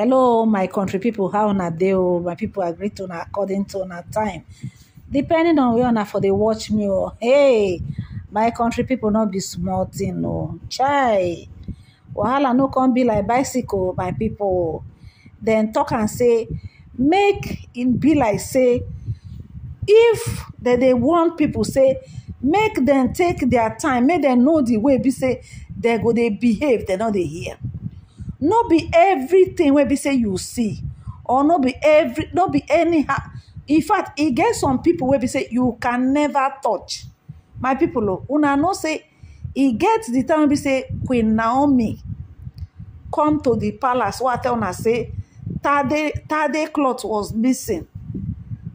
hello my country people. how na dey my people agree to na according to na time depending on where una for dey watch me o hey my country people, not be small tin o chai wahala no come be like bicycle my people. Then talk and say make in be like say if that they want people say make them take their time make they know the way be say they go They behave They know they hear no be everything wey be say you see or no be every no be anyhow in fact e get some people wey be say you can never touch my people, pipo oh, una know say e get the time wey be say queen naomi come to the palace wey i tell una say tade Tade cloth was missing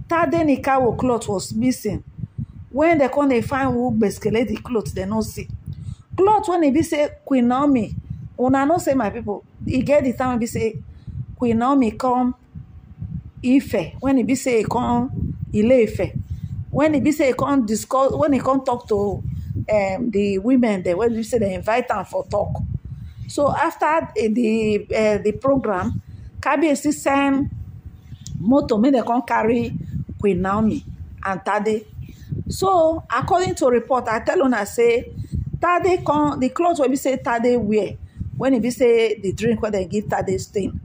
tade nikawo cloth was missing When they come dey find who gbeskele the cloth they no see cloth wey e be say queen naomi I know say my people. He get the time wey be say queen naomi come ife when he be say he come ile ife when he be say he come discuss when he come talk to um, women They when he say they invite them for talk so after the the um, program kabiyesi send motor make they come carry queen naomi and tade so according to report i tell I say tade come the clothes will be say tade wear when he be say the drink what they give that tade stain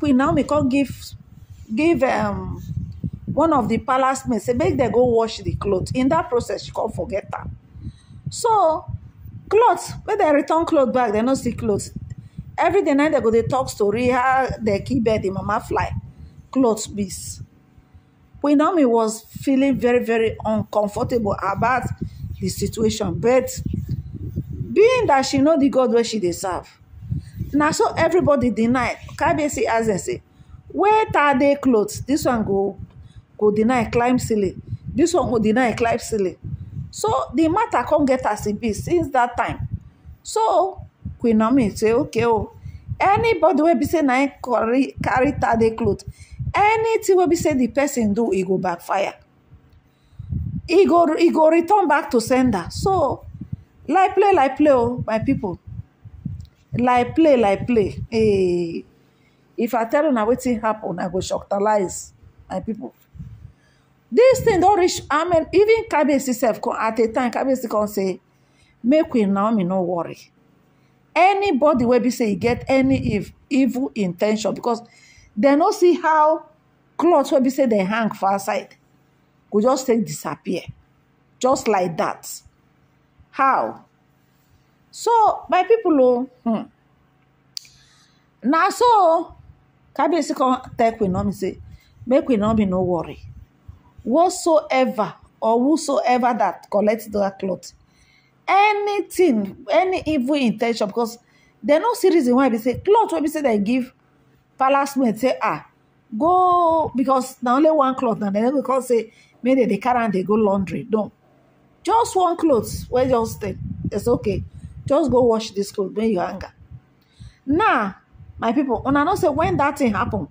we now me come give give um, one of the palace men say make they go wash the clothes. in that process she can't forget that. so clothes when they return cloth back they no see clothes. every day night they go they talk story how they keep bird mama fly clothes beast. We queen me was feeling very very uncomfortable about the situation but being that she know the god where she dey serve now so everybody deny kabiyesi as dem say where are they clothes? this one go go deny climb ceiling this one go deny climb ceiling so the matter come get as it e be since that time so Queen Naomi say okay oh, anybody wey be say na carry carry tade clothes, anything wey be say the person do he go backfire He go he go return back to sender so Like play, like play, oh, my people. Like play, like play. Hey. Eh, if I tell una wetin happen, I go shocktalize my people. This thing don't reach, I mean, even Kabiyesi itself, come at a time, Kabiyesi can say, make Queen Naomi no worry. Anybody where be say you get any evil intention because do no see how cloth wey be say they hang far side could just say disappear. Just like that how so my people o oh, hmm. can so kabiyesi take tell queen naomi say make queen naomi no worry whatsoever or whosoever that collect that cloth anything any evil intention because they no see reason why we say cloth when be say they give palace men say ah go because now only one cloth na they go come say maybe they carry and they go laundry no just one clothes wey just dey. It's okay. Just go wash this clothes when you anger. Now, my people, una know say when that thing happen,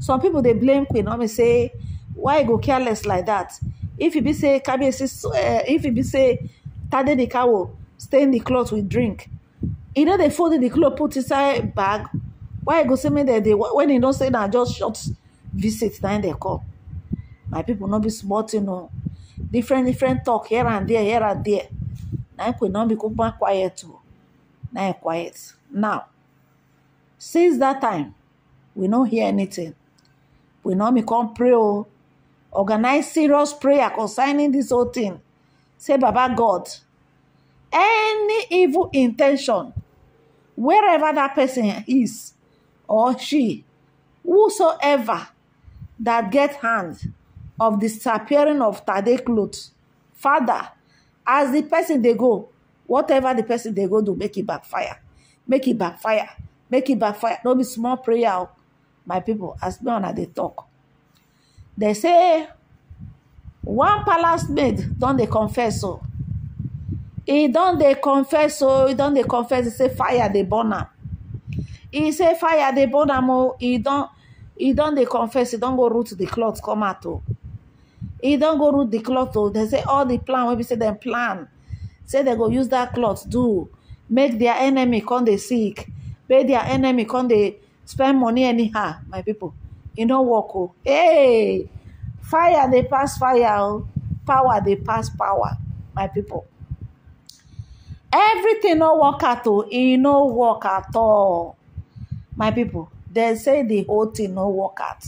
some people dey blame Queen Naomi say, why you go careless like that? If you be say Kabiyesi, uh, if you be say Tade the cow stain the cloth with drink, e no dey fold the cloth put inside bag. Why you go say make dem dey when e not say na just short visit na im dey call. My people no be small thing o. Oh. You know different different talk here and there here and there Now i could not become more quiet Now I'm quiet now since that time we don't hear anything. we no become pray organize serious prayer concerning this whole thing. say baba god any evil intention wherever that person is or she whosoever that get hands of disappearing of Tade clothes. Father, as the person they go, whatever the person they go do, make it backfire. Make it backfire. Make it backfire. Don't be small prayer, oh. my people, as me on they talk. They say, one palace maid, don't they confess so? Oh. He don't they confess so? Oh. He don't they confess? He say, fire they burn am. He say, fire they burn am. He don't, he don't they confess. He don't go root the cloth come out. Oh don't go root the cloth though. They say all the plan Maybe say dem plan say they go use that cloth do make their enemy come they sick make their enemy come they spend money anyhow my people. You know, work Oh, hey fire they pass fire Oh, power they pass power my people. everything no work at all It no work at all my people. They say the whole thing no work out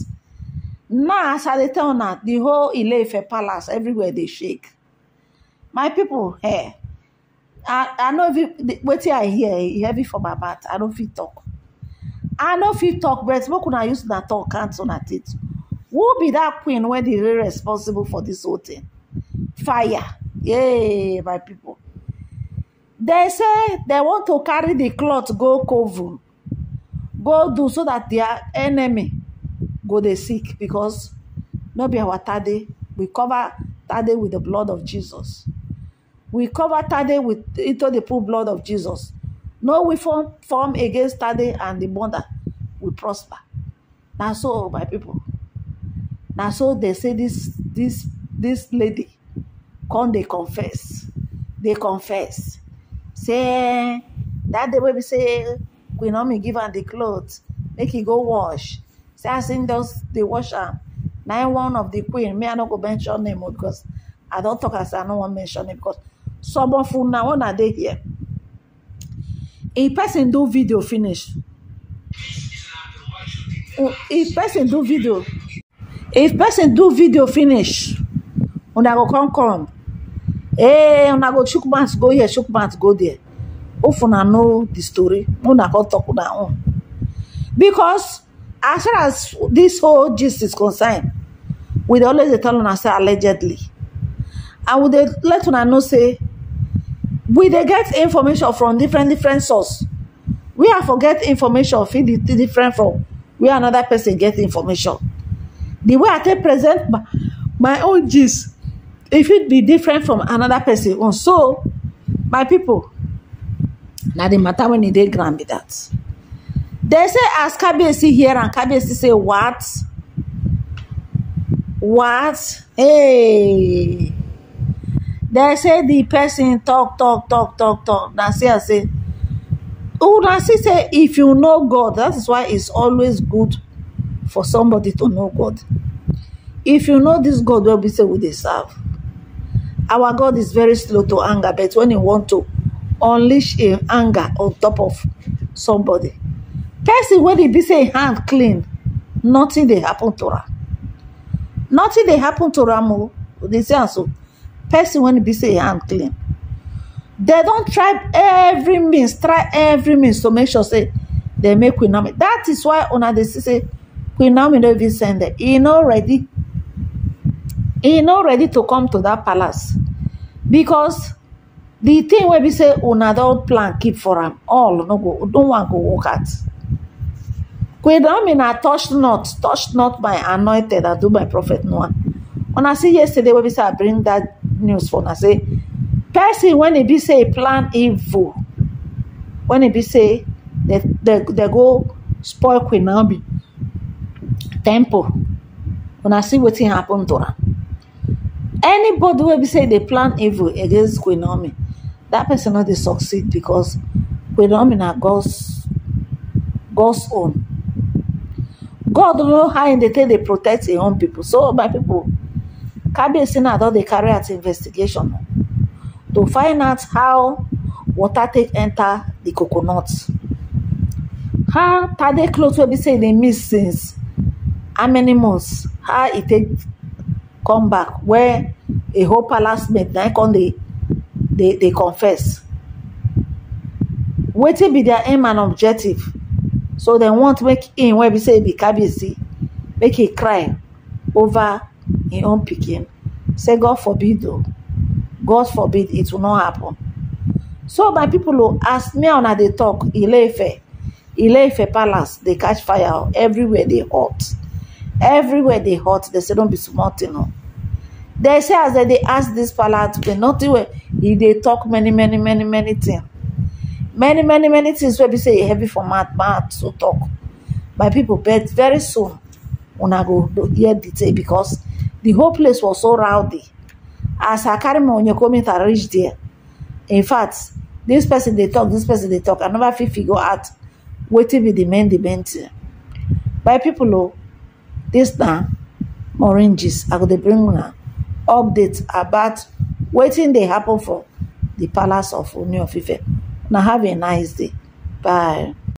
now as i dey tell na whole ileife palace everywhere they shake my people eh, here, i i you, wait wetin i hear eh, e heavy for my bat. i don't feel talk i if you talk but could I use that talk count una it. who be that queen when they really responsible for this whole thing fire yay my people. They say they want to carry the cloth go cover, go do so they are enemy go they sick because no be our tade we cover tade with the blood of jesus we cover tade with into the full blood of jesus no we form form against tade and the mother we prosper Now so my people Now so they say this this this lady come They confess They confess say that the wey be say queen omi give her the clothes make he go wash say as him just dey watch am na one of the queen me i no go mention name because i don tok as i no wan mention it. because some of one are they here if person do video finish if person do video if person do video finish una go come come hey eh, una go chook mouth go here chook mouth go there if una know the story una come tok una own because as far as this whole gist is concerned we dey always dey tell una say allegedly and we dey let una know say we dey get information from different different source we are for get information fit be different from where another person get information the way i take present my my own gist e fit be different from another person own so my people na the matter wey e dey ground be that. They say ask Kabiyesi here and Kabiyesi say what? What? Hey. They say the person talk, talk, talk, talk, talk. Nancy say, oh, Nancy say, if you know God, that is why it's always good for somebody to know God. If you know this God, well, be say we deserve. Our God is very slow to anger, but when he want to unleash him anger on top of somebody, person wey dey be say hand clean nothing dey happen to am nothing dey happen to am o dey say am so person wey be say hand clean dem don try every means try every means to make sure say dem make queen naomi that is why una dey see say queen naomi no even send dem e no ready e no ready to come to that palace because the thing wey be say una don plan keep for am all no go no one go work out Queen Amina touched not, touched not my anointed I do my prophet Noah. When I say yesterday when we say I bring that news for I say person when it be say plan evil, when it be say they, they, they go spoil Queen Naomi temple. When I see what happened to her. Anybody will be say they plan evil against Queen Naomi, that person not they succeed because Queen Naomi na God's God's own. god know how in the take they protect their own people. so my pipo kabiyesi now don they carry out investigation to find out how water take enter the coconut how tade clothes will be say they e miss since how many months how it e take come back where a whole palace mate na im come they they confess wetin be their aim and objective so will want make him When we say be kabiyesi make him cry over his own picking. say god forbid o god forbid it will not happen so my people will oh, ask me una they talk Ilefe. Ilefe palace they catch fire oh. everywhere They hot everywhere they hot They say don't be smart you oh. know. They say as they ask this palace nothing wey e They talk many many many many things many many many things where we say heavy for mouth to talk my people, but very soon I go hear detail because the whole place was so rowdy as i carry my coming, i reach there in fact this person they talk this person they talk i never fit figure out wetin be di main the main thing my people, oh, this na moranges i go bring una update about waiting they happen for the palace of union of now have a nice day. Bye.